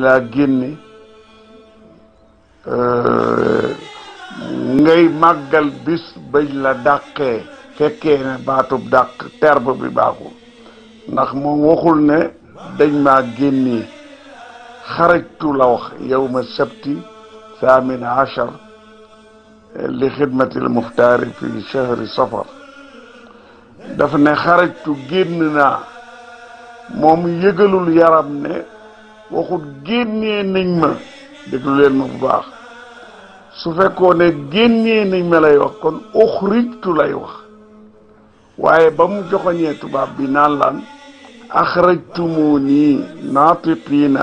laa génne euh, ngay màggal bis bañ la dàqee fekkee ne terbo bi baaxul ndax moom waxul ne dañ maa génnee xarajtu la wax yawma sabti thamin achar li xidmatil muxtaari fi chahri safar daf xarajtu génn naa moom yëgalul yaram waxut génnee nañ ma déglu leen ma bu baax su fekkoo ne génnee nañ ma lay wax kon uxrijtu lay waaye ba mu joxoñee tubaab bi naan laan axrajtumuni naatiqiina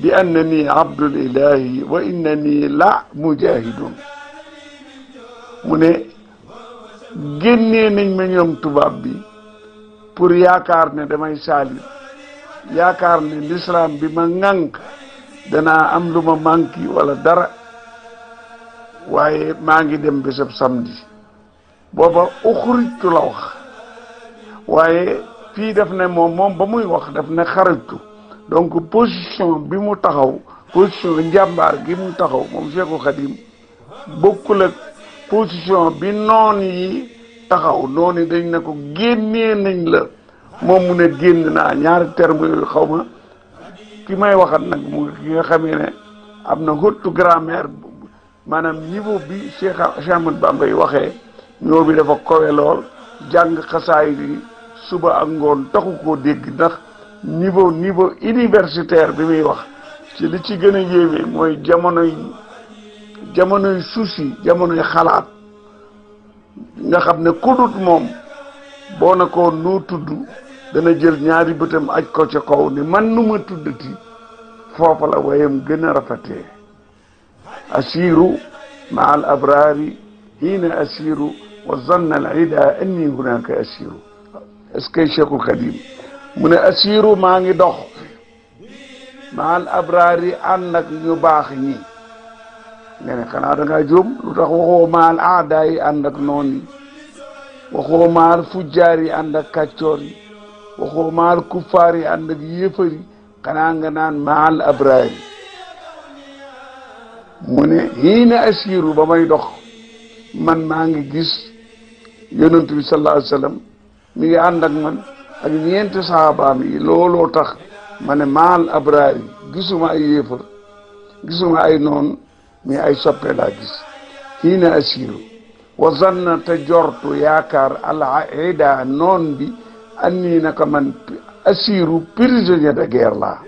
bi annani abdul ilahi wa innani la mujahidun mu ne génnee nañ ma ñoom tubaab bi pour yaakaar ne damay saalit yaakaar ne lislaam bi ma ŋànk danaa am lu ma manqué wala dara waaye maa ngi dem bésab samedi booba uxrijtu la wax waaye fii def ne moom moom ba muy wax daf ne xarajtu donc position bi mu taxaw position njàmbaar gi mu taxaw moom Cheikhul Khadim bokkul ak position bi noon yi taxaw noon yi dañ ne ko génnee nañ la moom mu ne génn naa ñaari terme yooyu xaw ma ki may waxat nag mu ki nga xamee ne am na hottu grammaire maanaam niveau bi Cheikh Cheikh Ahmad Bamba yi waxee ñoo bi dafa kowe lool jàng xasaay suba ak ngoon taxu koo dégg ndax niveau niveau universitaire bi muy wax ci li ci gën a yéeme mooy jamonoy jamonoy souci jamonoy xalaat nga xam ne ku moom boo na ko noo tudd dana jël ñaari bëtam aj ko ca ni man nu ma tuddati foofa la wayam gën a rafetee asiiru maa abraari hiina asiiru wa zanna al ida anni hunaka asiiru est-ce que Cheikhul mu ne asiiru maa ngi dox maa al abraari ànd ak ñu baax ñi nga ne xanaa da ngaa lu tax waxoo maa al aada yi ànd ak noon yi waxoo maa al fujjaar yi ànd ak waxoo maal kuffaar yi ànd ak yéefar yi xanaa nga naan maal abraar mu ne hiina asiiru ba may dox man maa ngi gis yonent bi sallallahu alayhi mi ngi ànd ak man ak ñeenti saabaam yi looloo tax ma ne maal abraar gisuma ay yéefar gisuma ay noon mi ay soppe gis hiina asiiru wa zanna te jortu yaakaar al aida noon bi annii naka man assiru prisonnier de la laa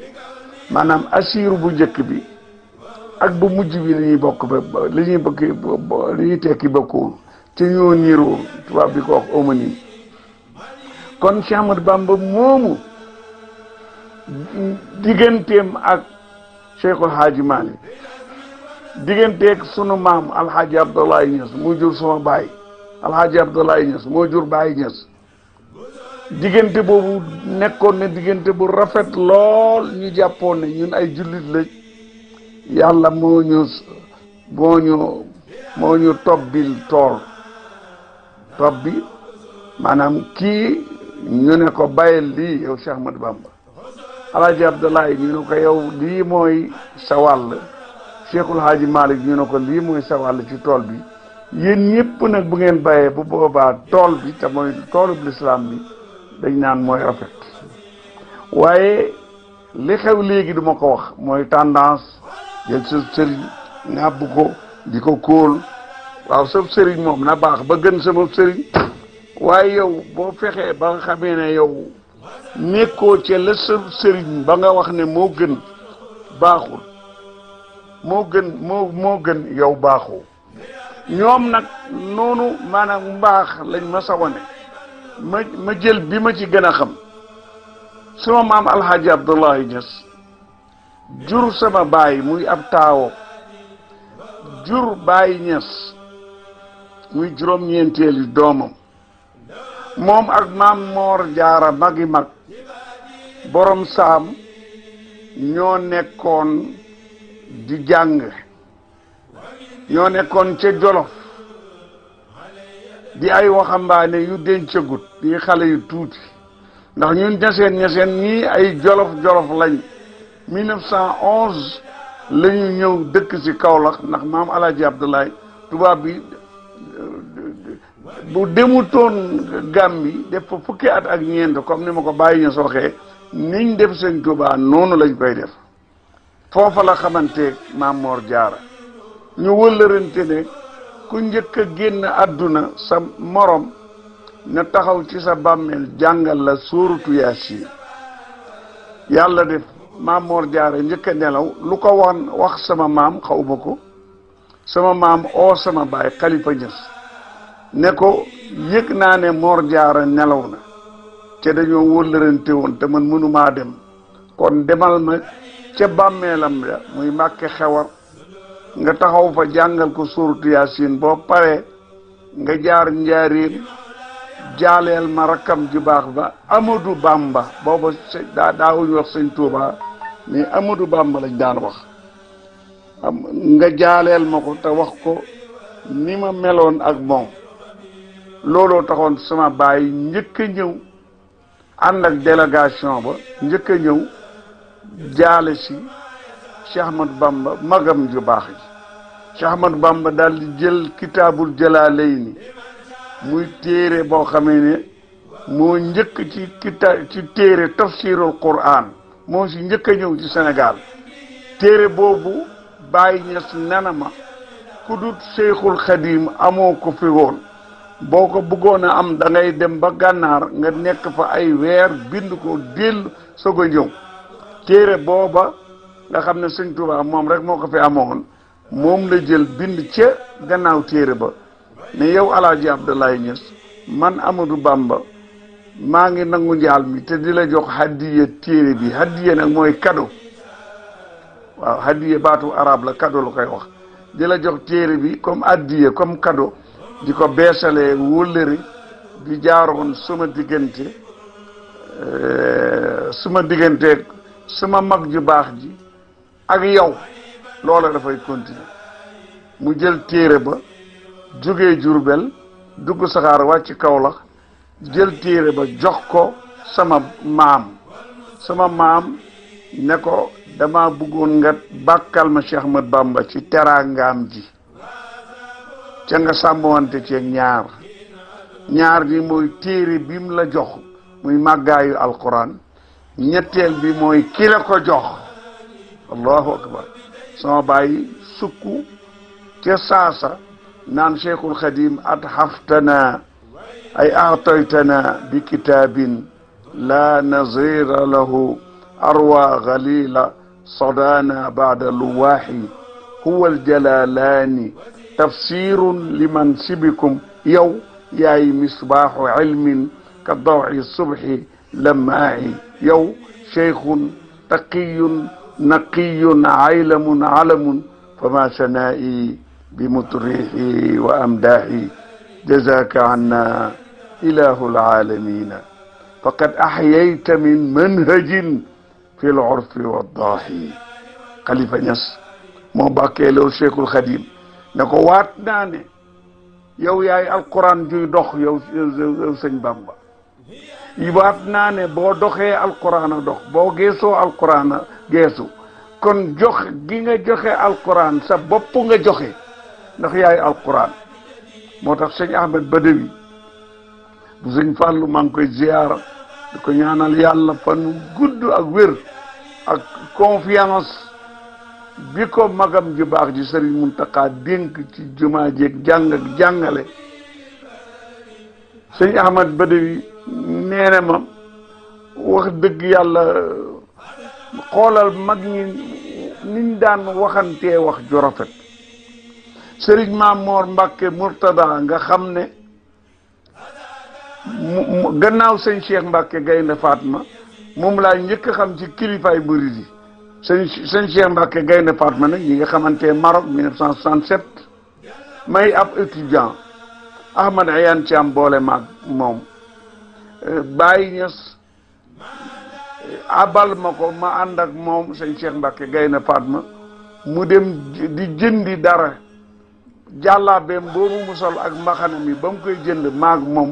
maanaam assiru bu njëkk bi ak bu mujj bi li ñuy bokk ba li ñuy bëgg li ñuy tekki te ñoo niiroo tubaab bi ko wax kon Cheikh Ahmadou Bamba moomu digganteem ak Cheikhul Hadji Malick digganteeg sunu maam Alhaji Abdoulaye Niass moo jur sama baay Alhaji Abdoulaye Niass moo jur Baye Niass diggante boobu nekkoon na diggante bu rafet lool ñu jàppoon ne ñun ay jullit la yàlla moo ñu moo ñu moo ñu tobbil tool tob bi maanaam kii ñu ne ko bàyyil lii yow Cheikh Ahmadou Bamba alaaji Abdoulaye ñu ne ko yow lii mooy sa wàll Cheikhul Haaji Malick ñu ne ko lii mooy sa wàll ci tool bi yéen ñëpp nag bu ngeen bàyyee bu boobaa tool bi te mooy toolub lislaam bi dañ naan mooy rafet waaye li xew léegi duma ko wax mooy tendance jël sëb sëriñ nàbb ko di ko kóol waaw sëriñ moom na baax ba gën sama sëriñ waaye yow boo fexee ba xamee ne yow nekkoo ca la sëriñ ba nga wax ne moo gën baaxul moo gën moo moo gën yow baaxoo ñoom nag noonu maanaam mbaax lañ ma sa wane ma ma jël bi ma ci gën a xam suma maam alxaaji abdullahi Ñas jur sama baay muy ab taawo jur baay Ñas muy juróom-ñeenteeli doomam moom ak maam moor jaara magi mag boroom saam ñoo nekkoon di jàng ñoo nekkoon ca Jolof di ay waxambaane yu dencagut di xale yu tuuti ndax ñun ñeseen ñeseen ñii ay jolof-jolof lañ 1911 la lañu ñëw dëkk ci Kaolack ndax maam Alaaji Abdoulaye tubaab bi bu demutoon Gàmbi def fa fukki at ak ñeent comme ni ma ko bàyyi ñu sooxee niñ def seen Tuubaa noonu lañ koy def foofa la xamanteeg maam Mor Jaara ñu wëllërante ne ku njëkk a génn àdduna sa morom na taxaw ci sa bàmmeel jàngal la sóoratu yaasin yàlla def maam Mor Jaara njëkk nelaw lu ko wan wax sama maam xaw ma ko sama maam oo sama baay Xalifa Ñas ne ko yëg naa ne Mor Jaara nelaw na te dañoo wëllërante woon te man mënumaa dem kon demal ma ca bàmmeelam la muy Mbàkke Xewar nga taxaw fa jàngal ko suuratu yaasin boo paree nga jaar njaareem jaaleel ma rakkam ju baax ba Amadou Bamba booba daa daawuñu wax sëñ Touba mais Amadou Bamba lañ daan wax nga jaaleel ma ko te wax ko ni ma meloon ak moom looloo taxoon sama baay njëkk a ñëw ànd ak délégation ba njëkk ñëw jaale si Cheikh Ahmadou Bamba magam ju baax ji Cheikh Ahmadou Bamba daal jël kitaabul Jalaalayni muy téere boo xamee ne moo njëkk ci téere tafsirul Qur'an moo si njëkk a ñëw ci Sénégal téere boobu Baye Niass nana ma ku dut Cheikhul amoo ko fi woon boo ko bëggoon a am dangay dem ba gànnaar nga nekk fa ay weer bind ko dellu soog a ñëw téere booba nga xam ne sëñ Tuubaa moom rek moo ko fi amoon moom la jël bind ca gannaaw téere ba ne yow alaaji Abdoulaye Niass man Amadou Bamba maa ngi nangu njaal mi te di la jox hadiya téere bi hadiya nag mooy kado waaw hadiya baatu arab la kado lu koy wax di la jox téere bi comme hadiya comme kado di ko beesalee wóllëre bi jaaroon suma diggante euh, suma digganteeg suma mag ju baax ji ak yow loola dafay continuer mu jël téere ba jógee Jurbel dugg saxaar wàcc Kawlax jël téere ba jox ko sama maam sama maam ne ko dama bëggoon nga bàkkal ma Cheikh Ahmad Bamba ci teraangaam ji ca nga sàmmwante ceeg ñaar ñaar bi mooy téere bim la jox muy màggaayu alquran ñetteel bi mooy ki ko jox allahu akbar sama bàyyi sukku ca saasa naan cheikhul xadim at xaftana ay aataytana bi kitaabin la nazira lahu arwa galila sadana baada luwaaxi huwa aljalalaani tafsirun liman sibikum yow yaay misbaaxu cilmin ka dawci subxi lamaaci yow cheikhun taqiyun naqiyun aylamun alamun fama sanaa'i bi mutrihi wa amdaahi jazaaka anna ilahu alaalamina faqad ahyayta min manhajin fi l urfi waddaahi Khalifa Niass moo bàkkee loolu Cheikhul Khadim ne ko waat naa ne yow yaay alquran juy dox yow sëñ Bamba waat naa ne boo doxee alquran a dox boo geesoo alquran a geesu kon jox gi nga joxe alquran sa bopp nga joxe ndax yaay alquran moo tax sëñ Ahmed Badawi bu sëñ Fàllu maa koy ziyaara di ko ñaanal yàlla fan gudd ak wér ak confiance bi ko magam ju baax ji sëriñ Muntaqa dénk ci jumaa jeeg jàng ak Ahmed Badawi nee ma wax dëgg yàlla xoolal mag ñi niñ daan waxantee wax ju rafet ma Maamoor Mbàkke Murtada nga xam ne gannaaw sëñ Cheikh Mbàkke Gaynde Fatma moom laa njëkk xam ci kilifay murid yi sëñ sëñ Cheikh Mbàkke Gaynde Fatma nag ñi nga xamantee Maroc 1967 may ab étudiant Ahmad Ayaan Thiam boole maag moom Baye Niass abal ma ko ma ànd ak moom sëñ Cheikh Mbacke Gaynde Fatma mu dem di jëndi dara jàllaabeem boobu mu sol ak mbaxana mi ba mu koy jënd maag moom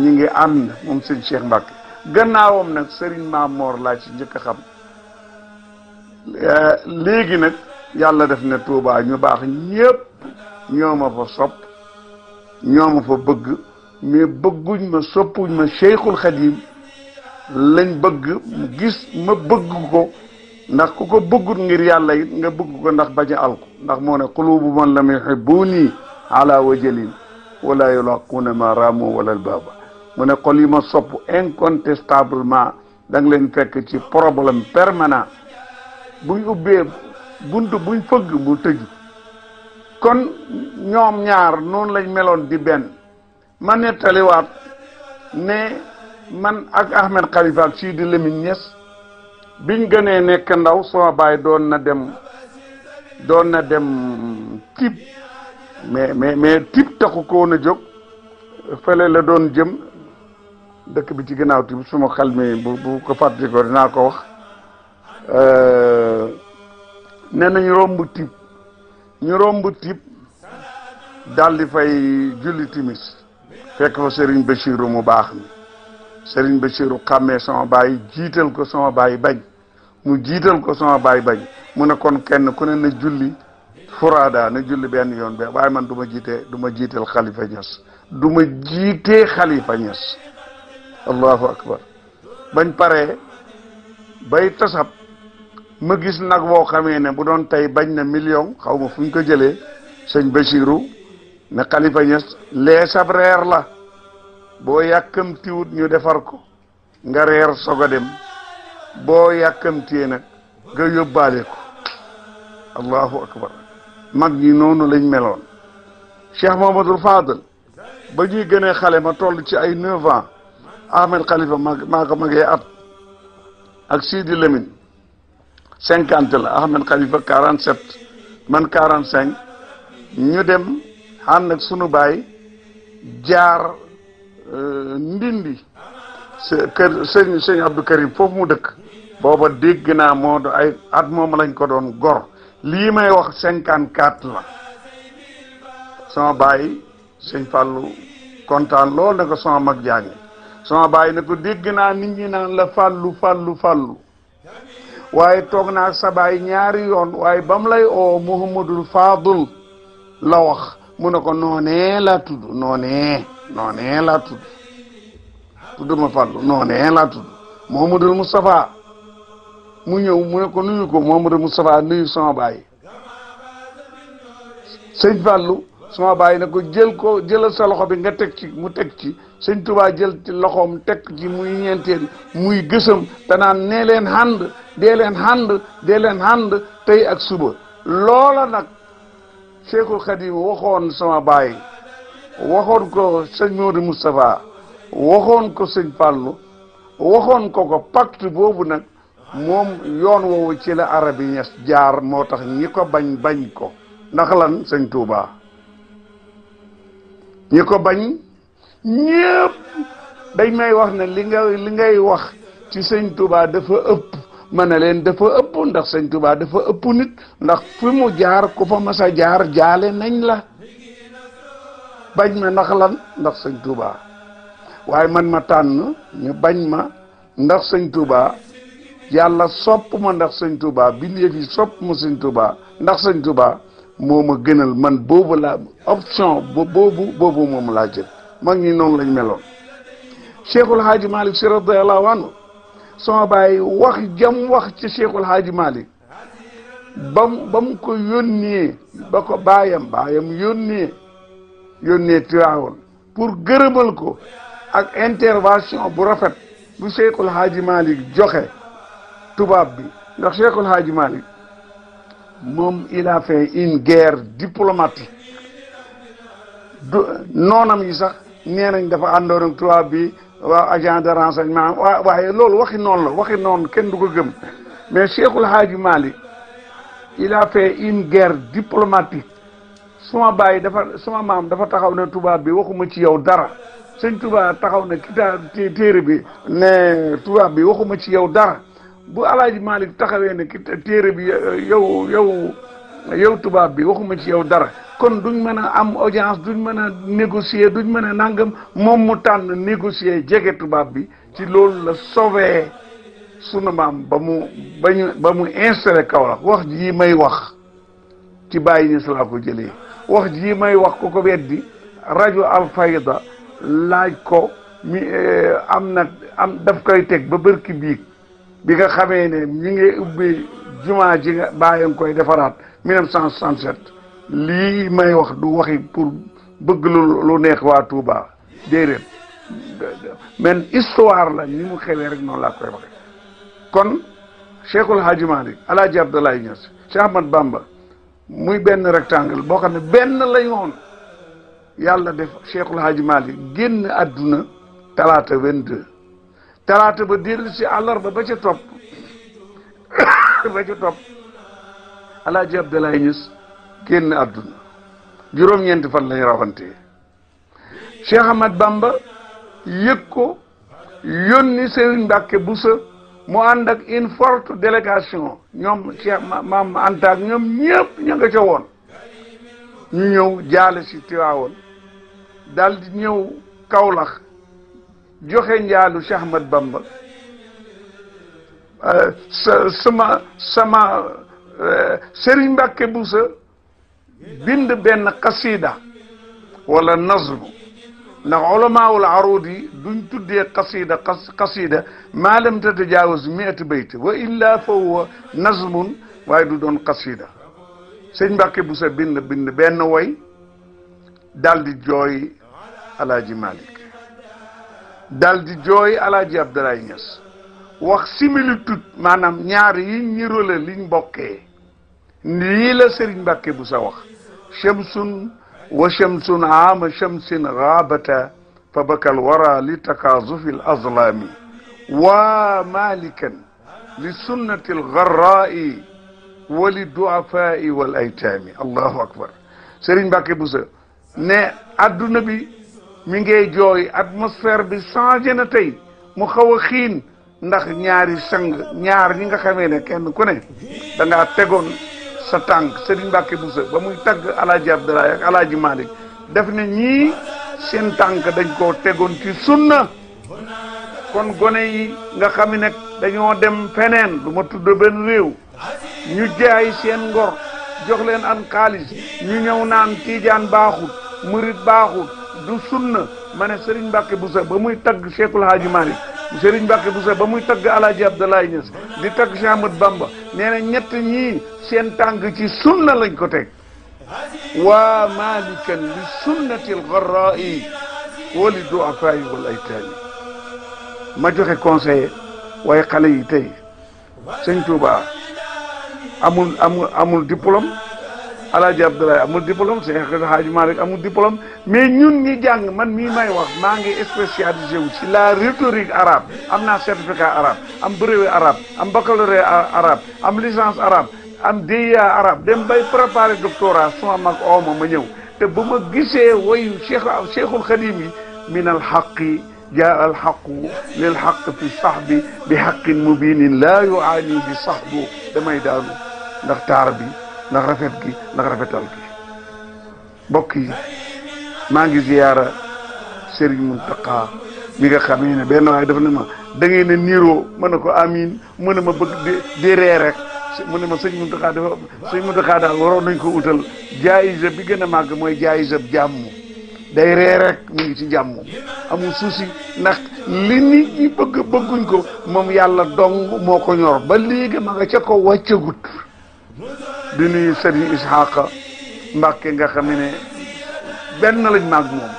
ñi ngi ànd moom sëñ Cheikh Mbacke gannaawam nag Serigne Mamor laa ci njëkk a xam eh, léegi nag yàlla def ne Touba ñu baax ñëpp ñoo fa sopp ñoo fa bëgg. mais bëgguñ ma soppuñ ma Cheikhul Khadim lañ bëgg gis ma bëgg ko ndax ku ko bëggut ngir yàlla it nga bëgg ko ndax bañ a ndax moo ne qulubu man lam yuhibbuni ala wajalin wala yulaquuna ma raamu wala albaaba mu ne xol yi ma sopp incontestablement da nga leen fekk ci problème permanent buñ ubbee bunt buñ fëgg mu tëju kon ñoom ñaar noonu lañ meloon di benn ma nettaliwaat ne man ak Ahmed Khalifa ak Sidi Lamine Niass biñ gënee nekk ndaw soo baay doon na dem doon na dem tib mais mais mais tib taxu ko woon a jóg fële la doon jëm dëkk bi ci ginnaaw tib suma xel mi bu bu ko fàttali ko dinaa ko wax nee nañ romb tib ñu romb tib daal di fay julli timis fekk fa Serigne Bachiru mu baax mi Serigne Bachiru xàmmee sama baay jiital ko sama baay bañ mu jiital ko sama baay bañ mu nekkoon kenn ku ne na julli furaada na julli benn yoon be waaye man duma jiitee duma jiital xalifa ñes du ma jiitee xalifa ñes allahu akbar bañ paree bay tasab ma gis nag woo xamee ne bu doon tey bañ na million xaw ma fu ñu ko jëlee sëñ Bachiru ne xalifa ñes lee sab reer la boo yàkkamtiwut ñu defar ko nga reer sog dem boo yàkkamtee nag nga yóbbaale ko allahu akbar mag ñi noonu lañ meloon cheikh mahamadul fadal ba ñuy gënee xale ma toll ci ay neuf ans ahmed xalifa ma maa magee at ak Sidi Lamine cinquante la ahmed xalifa quarante sept man quarante cinq ñu dem ànd ak sunu baay jaar euh, ndindi kër sëñ sëñ Abdou Karim foofu mu dëkk booba dégg naa moo do ay at moom lañ ko doon gor lii may wax cinquante quatre la sama baay sëñ Fallou kontaan lool na ko sama mag jaañ sama baay ne ko dégg naa nit ñi naan la Fallou Fallou Fallou waaye toog naa sabaay ñaari yoon waaye bam mu lay oo Muhammadul Fadul la wax mu ne ko noonee laa tudd noonee noonee laa tudd tudd ma Fallou noonee laa tudd Mouhamadou Moustapha mu ñëw mu ne ko nuyu ko Mouhamadou Moustapha nuyu sama baay sëñ Fallou sama baay ne ko jël ko jëlal sa loxo bi nga teg ci mu teg ci sëñ Touba jël ci mu teg ci muy ñeenteel muy gësam te naan nee leen hànd dee leen hànd tey ak suba loola nag. Cheikhul Khadim waxoon sama baay waxoon ko sëñ Modou Moustapha waxoon ko sëñ Fallou waxoon ko ko pacte boobu nag moom yoon woowu ci la arab yi ñes jaar moo tax ñi ko bañ bañ ko ndax lan sëñ Touba ñi ko bañ ñépp dañ may wax ne li li ngay wax ci sëñ Touba dafa ëpp ma ne leen dafa ëpp ndax sëñ Tuubaa dafa ëpp nit ndax fu mu jaar ku fa mas jaar jaale nañ la bañ ma ndax lan ndax sëñ Tuubaa waaye man ma tànn ñu bañ ma ndax sëñ Tuubaa yàlla sopp ma ndax sëñ Tuubaa bindéef yi sopp ma sëñ Tuubaa ndax sëñ Tuubaa moo ma gënal man boobu la option boobu boobu moom laa jël mag ñi noonu lañ meloon Cheikhul Hadji Malick Sy radiyallahu anhu sama baay wax jam wax ci Cheikhul Hadji Malick ba mu ko yónnee ba ko baayam baayam yónnee yónnee Tiwaawoon pour gërëmal ko ak intervention bu rafet bu Cheikhul Hadji Malick joxe tubaab bi ndax Cheikhul Hadji Malick moom il a fait une guerre diplomatique noonam yi sax nee nañ dafa àndoon ak tubaab bi waaw agent de renseignement waa waaye loolu waxi noonu la waxi noonu kenn du ko gëm mais Cheikhul Hadji maali il a fait une guerre diplomatique suma baay dafa suma maam dafa taxaw ne tubaab bi waxuma ci yow dara sëñ tubaab taxaw ne kitaab téere bi ne tubaab bi waxuma ci yow dara bu alaaji Malick taxawee ne ki téere bi yow yow yow tubaab bi waxuma ci yow dara kon duñ mën a am audience duñ mën a négocier duñ mën a nangam moom mu tànn négocier jege tubaab bi ci loolu la sauvé sunu maam ba mu ba ñu ba mu installé Kaolack wax jii may wax ci bàyyi ñis laa ko jëlee wax ji may wax ko ko weddi rajo Alfayda laaj ko e, am na am daf koy teg ba bërki biig bi nga xamee ne ñi ngi ubbi jumaa ji nga bàyyi nga koy defaraat 1967 lii may wax du waxi pour bëgg lu lu neex waa Touba déedéet men histoire la ni mu xewee rek noonu laa koy waxe kon Cheikhul Hadji Malick Alaaji Abdoulaye Niass Cheikh Ahmad Bamba muy benn rectangle boo xam ne benn lañu woon yàlla def Cheikhul Hadji Malick génn àdduna talaata 22 talaata ba dellu si àllarba ba ca topp weer ba ci topp alaaji Abdoulaye Niass génn juróom-ñeenti fan lañ rawantee Cheikh Bamba yëg ko yónni Serigne Mbacke Boussa mu ànd ak une forte délégation ñoom Cheikh Maam Anta ak ñoom ñëpp ña woon ñu ñëw jaale si Tiwaawoon daal ñëw kawlax joxe njaalu Cheikh Ahmad Bamba sa sama sama eh, Serigne Mbacke Boussa bind benn xasida wala nazmu ndax olamaawul aruud yi duñ tuddee xasida xasida maa lam tatajaawaz mi'at bayt wa illa fa huwa nazmun waaye du doon xasida sëñ Mbacke Boussa bind bind benn woy daal di jooy Alaaji Malick daal di jooy Alaaji Abdoulaye Niass wax similitude maanaam ñaar yi ñirole liñ bokkee lii la Sëriñ Mbàkke bu sa wax shamsun wa shamsun aama shamsin xaabata fa bakal wara li takaazufi l azlaami wa malikan li sunnati l garraai wa li duafaai wal aytaami allahu akbar Sëriñ Mbàkke bu sa ne adduna bi mi ngay jooy atmosphère bi changé na tey mu xaw a xiin ndax ñaari sang ñaar ñi nga xamee ne kenn ku ne danga tegoon sa tànk Serigne Mbacke Boussa ba muy tagg alaaji Abdoulaye ak alaaji Malick def ne ñii seen tànk dañ koo tegoon ci sunna kon gone yi nga xam ne dañoo dem feneen du ma tudd benn réew ñu jay seen ngor jox leen an xaalis ñu ñëw naan tiijaan baaxut murit baaxut du sunna ma ne Serigne Mbacke Boussa ba muy tagg Cheikhul Hadji Malick Serigne Mbacke Bousso ba muy tagg Alaaji Abdoulaye Niass di tagg Cheikh Ahmadou Bamba nee na ñett ñii seen tànk ci sunna lañ ko teg waa malikan li sunnatil xaraa'i wali du'afaa'i wal aytaami ma joxe conseiller waaye xale yi tey sëñ Touba amul amul amul diplôme alaaji Abdoulaye amul diplôme Cheikh El Hadj amul diplôme mais ñun ñi jàng man mi may wax maa ngi spécialisé wu ci la rhétorique arabe am naa certificat arabe am brevet arabe am baccalauréat arabe am licence arabe am DEA arabe dem bay préparer doctorat suma mag ooma ma ñëw te bu ma gisee woyu Cheikh Cheikhul Khadim yi min al haqi jaa al haqu lil haq fi sahbi bi haqin mubinin laa yuaani bi sahbu damay daanu ndax taar ndax rafet gi ndax rafetal gi mbokk yi maa ngi ziyaara Serigne Mountakha mi nga xam ne benn waaye dafa ne ma da ngay ne niiroo mën na ko amiin mën na ma bëgg di ree rek mu ne ma sëñ Mountakha dafa sëñ Mountakha daal waroon nañ ko utal jaayisa bi gën a màgg mooy jaayisa jàmm day ree rek mu ngi ci jàmm amul souci ndax li nit ñi bëgg bëgguñ ko moom yàlla dong moo ko ñor ba léegi ma nga ca ko wàccagut di nuyu Serigne Ishaqa Mbacke nga xam ne benn lañ maag moom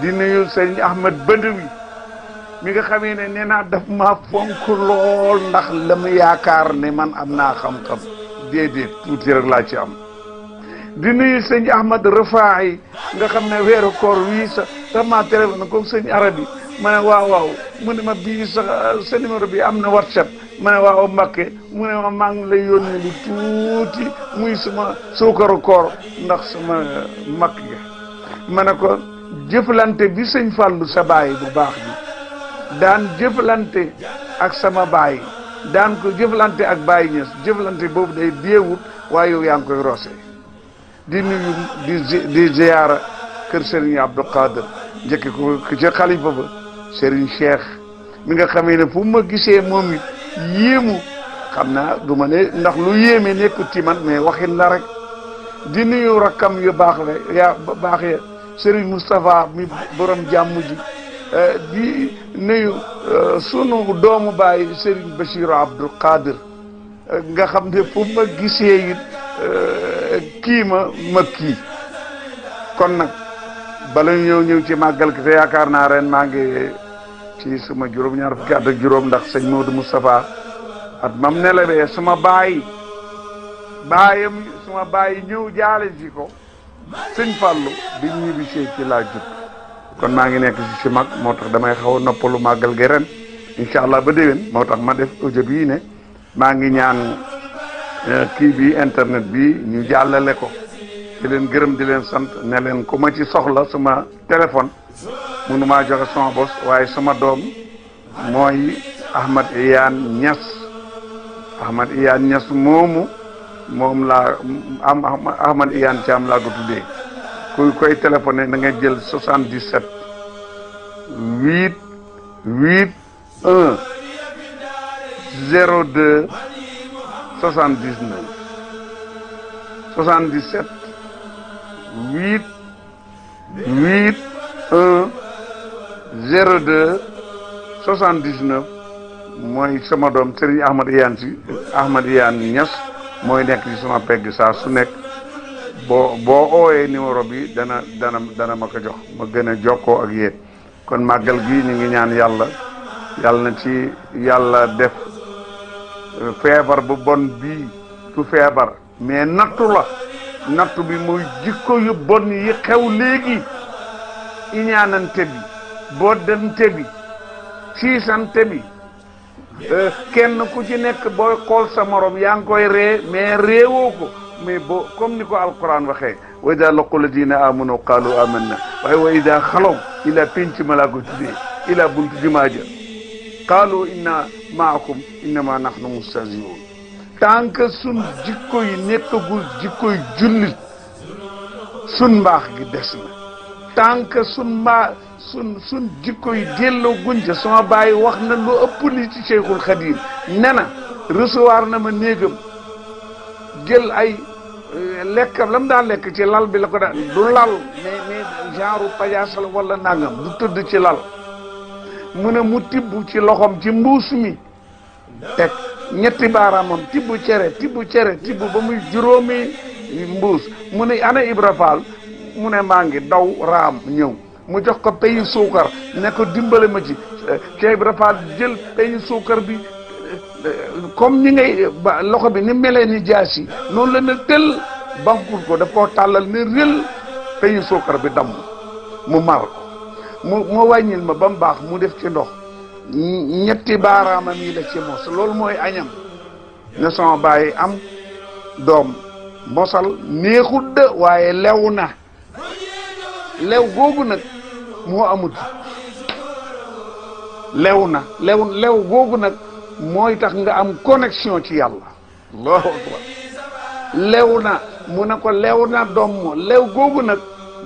di nuyu Serigne Ahmed Bandawi mi nga xamee ne nee naa daf maa fonk lool ndax la yaakaar ne man am naa xam-xam déedéet tuuti rek laa ci am di nuyu sëñ Ahmad Rafaayi nga xam ne weeru koor wii sa sama na comme sëñ arabi ma waaw waaw mu ne ma bii sax sa numéro bi am na whatsapp ma ne waaw Mbacke mu ne ma maa ngi lay yónni lu tuuti muy suma suukaru koor ndax suma mag ga ma ne ko jëflante bi sëñ Fallou sa baay bu baax bi daan jëflante ak sama baay daan ko jëflante ak baay ñes jëflante boobu day deewut waaye yow yaa ngi koy roose di nuyu di ziyaara kër Serigne Abdou Khader njëkk ko ci xalifa ba Serigne Cheikh mi nga xamee ne fu ma gisee moom it yéemu xam naa du ma ne ndax lu yéeme nekkul ci man mais waxin la rek di nuyu rakkam yu baax la yaa baax ya Serigne Moustapha mi borom jàmm ji eh, di nuyu eh, sunu doomu baay Serigne Bachir Abdou Khadir eh, nga xam ne fu ma gisee it kii ma ma kii kon nag bala ñëw ñëw ci màggal ki te yaakaar naa ren maa ngi ci suma juróom-ñaar fukki at ak juróom ndax mu Maodo Moustapha at mam nelawee suma baay baayam sama baay ñëw jaale si ko sëñ Fallou bi ñibbisee ci laa jub kon maa ngi nekk si mag moo damay xaw a noppalu màggal gi ren incha allah ba déwén moo tax ma def audio bii ne maa ngi ñaan eh, kii bi internet bi ñu jàllale ko di leen gërëm di leen sant ne leen ku ma ci soxla suma téléphone mënumaa joxe sama bos waaye sama doom mooy Ahmad Iyane Niass moomu moom laa am Ahmad Iyane Thiam laa ko tuddee kuy koy téléphoné na nga jël 77 8 8 1 02 79 77 8 8 1 02 79 mooy sama doom Serigne Ahmad Iyane si Ahmad Iyane Niass mooy nekk ci sama pegg saa su nekk boo boo oowee numéro bi dana dana dana ko jox ma gën a jokkoo ak yéen kon màggal gi ñu ngi ñaan yàlla yàlla na ci yàlla def euh, feebar bu bon bii du feebar mais nattu la nattu bi mooy jikko yu bon yi xew léegi iñaanante bi boddante bi siisante bi euh, kenn ku ci nekk booy xool sa morom yaa ngi koy ree mais réewoo ko boo comme ni ko alquran waxee wa ida laqu ladina amanu qalu amanna waaye wa ida xalaw ila pénc ma laa ko tuddee ila buntu jumaa ja qalu inna maakum innama nahnu mustahziun tant que sun jikko yi nekkagul jikko jullit sun mbaax gi des na tant sun mbaax sun sun jikko yi delloo gunca sama bàyyi wax na lu ëpp li ci Cheikhul Khadim ne na recevoir na ma néegam jël ay euh, lekkam la mu daan lekk ci lal bi la ko daan du lal mais mais genre pajaasal wala nangam du tëdd ci lal mu ne mu tibb ci loxom ci mbuus mi teg ñetti baaraamam tibb cere tibb cere tibb ba muy juróomi mbuus mu ne ana Ibra Fall mu ne maa ngi daw raam ñëw mu jox ko peñu suukar ne ko dimbale ma ci Cheikh jël peñu suukar bi comme ñi ngay loxo bi ni melee ni jaas yi noonu la ne tël bankuut ko daf koo tàllal ne rël peñu suukar bi damm mu mar mu mu wàññil ma ba mu baax mu def ci ndox ñetti baaraamam yi la ci mos loolu mooy añam ne sama bàyyi am doom mosal neexut de waaye lew na lew googu nag mu amut lew na lew lew googu nag mooy tax nga am connexion ci yàlla allahu lew na mu ne ko lew na doom lew googu nag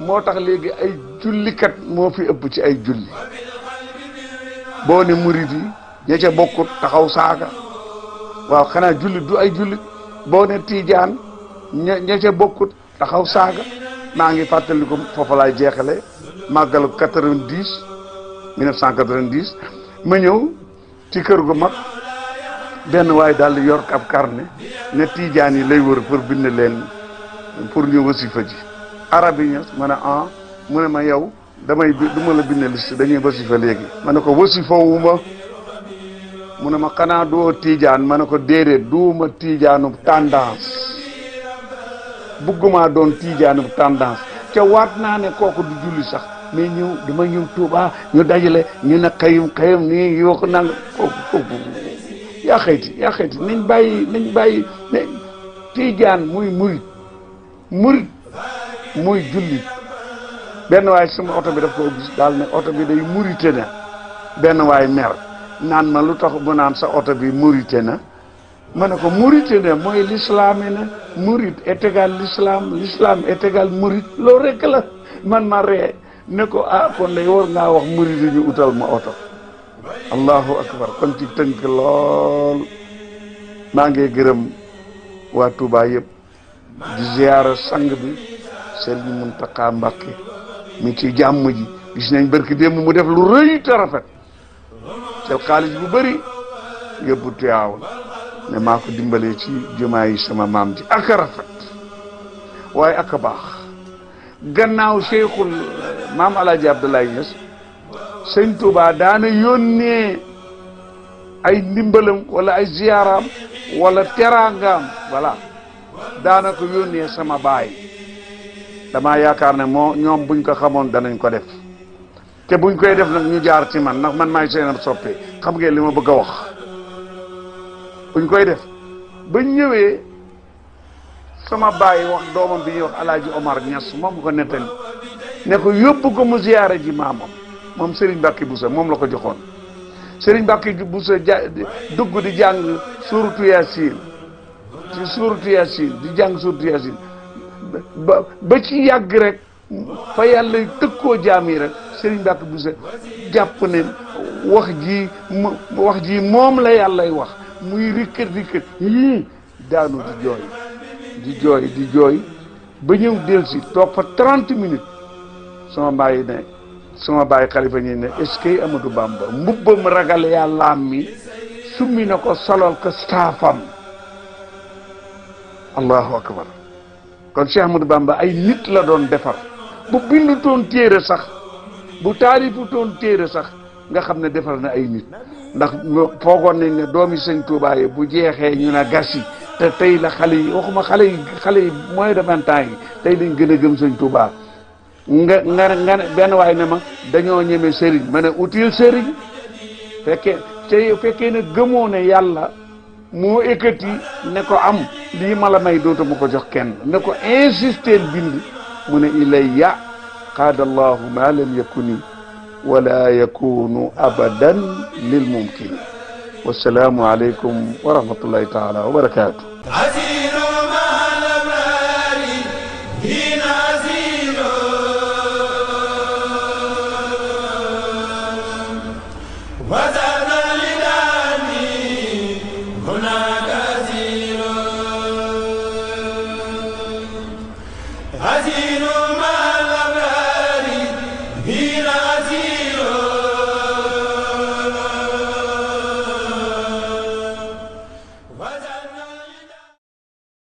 moo tax léegi ay jullikat moo fi ëpp ci ay julli boo ne murit yi bokkut taxaw saaga waaw xanaa jullit du ay jullit boo ne tiijaan ña ña ca bokkut taxaw saaga maa ngi fàttaliku foofu laay jeexale màggalu 90 1990 ma ñëw ci kër gu mag benn waaye daal di yor ab carnet ne tiijaan yi lay wër pour bind leen pour ñu wasifa ji arab yi ma ne ah mu ne ma yow damay du ma la bind liste dañuy wasifa léegi ma ne ko wasifa wu ma ne ma xanaa doo tiijaan ma ne ko déedéet duuma tiijaanub tendance bëgguma doon tiijaanub tendance te waat naa ne kooku du julli sax mais ñëw dama ñëw Touba ñu dajale ñu ne xayum xayum nii yoo ko nang kooku kooku yaa xayti yaa xayti tiijaan muy murit murit muy jullit benn waay sama oto bi daf ko gis daal ne oto bi day murite na benn waay mer naan ma lu tax bu naan sa oto bi murite na ma ne ko murite ne mooy l'islam ne murit est égal l'islam l'islam est égal murit loolu rek la man ma ree ne ko ah kon lay war ngaa wax murit yi ñu utal ma oto allahu akbar kon ci tënk lool maa ngi gërëm waa Touba yëpp di ziyaara sang bi Serigne Mountakha Mbacké mi ci jàmm ji gis nañ barki démb mu def lu rëy te rafet jël xaalis bu bëri yóbbu Tiwaawan ne maa ko dimbalee ci jumaa sama maam ji ak a waaye ak baax gannaaw Cheikhul maam El Hadj Abdoulaye Niass sëñ Touba daana yónnee ay ndimbalam wala ay ziyaaraam wala teraangaam voilà daana ko yónnee sama baay damaa yaakaar ne moo ñoom buñ ko xamoon danañ ko def te buñ koy def nag ñu jaar ci man ndax man maay seen am soppe xam ngeen li ma bëgg a wax. buñ koy def bañ ñëwee sama baay wax doomam bi ñuy wax alaaji Omar Niass moom ko nettali ne ko yóbbu ko mu ziyaare ji maamam moom Serigne Mbacke Boussa moom la ko joxoon Serigne Mbacke Boussa ja dugg di jàng suuratu Yaasin ci suuratu di jàng suuratu Yaasin ba ba ci yàgg rek fa yàlla tëkkoo jaam yi rek Serigne Mbacke Boussa jàpp ne wax ji moom la yàllay wax muy rikkat rikkat yii daanu di jooy di jooy di jooy ba ñëw delsi toog fa trente minutes sama bàyyi ne sama bàyyi xalifa ñi ne est-ce que Amadou mbubbam ragal yàllaam mi summi na ko solol ko staafam allahu akbar kon Cheikh Amadou Bamba ay nit la doon defar bu bindu toon téere sax bu taarifu téere sax nga xam ne defar na ay nit ndax foogoon nañ ne doomi sëñ Tuubaa bu jeexee ñu ne Gassi te tey la xale yi waxuma xale yi xale yi mooy de vingt ans yi tey lañ gën a gëm sëñ Tuubaa nga nga benn waay ne mag dañoo ñeme sëriñ ma ne utile sëriñ fekkee te fekkee ne gëmoo ne yàlla moo ekkati ne ko am lii ma la may dootuma ko jox kenn ne ko insister bind mu ne ilay ya qaadallahu ma lam nii wala yakunu abadan lil mumkin wasalaamu aleykum wa rahmatullahi taala wa barakaatu